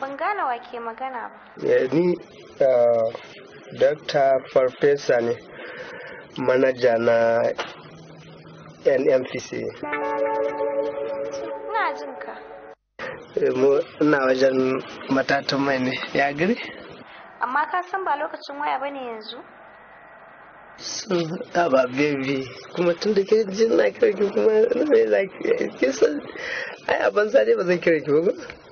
ban gane wa ke magana ba ni ah, dokta farfesa ne manaja na NMPC. na jin ka eh, ina wajen matatan mai ne ya gari? amma ka san ba lokacin waya ba ne yanzu sun ah, ba bebe kuma tun da ke jin na kirki kuma na mai zaki eh, kisan ai a banza ne ba zan kirki ba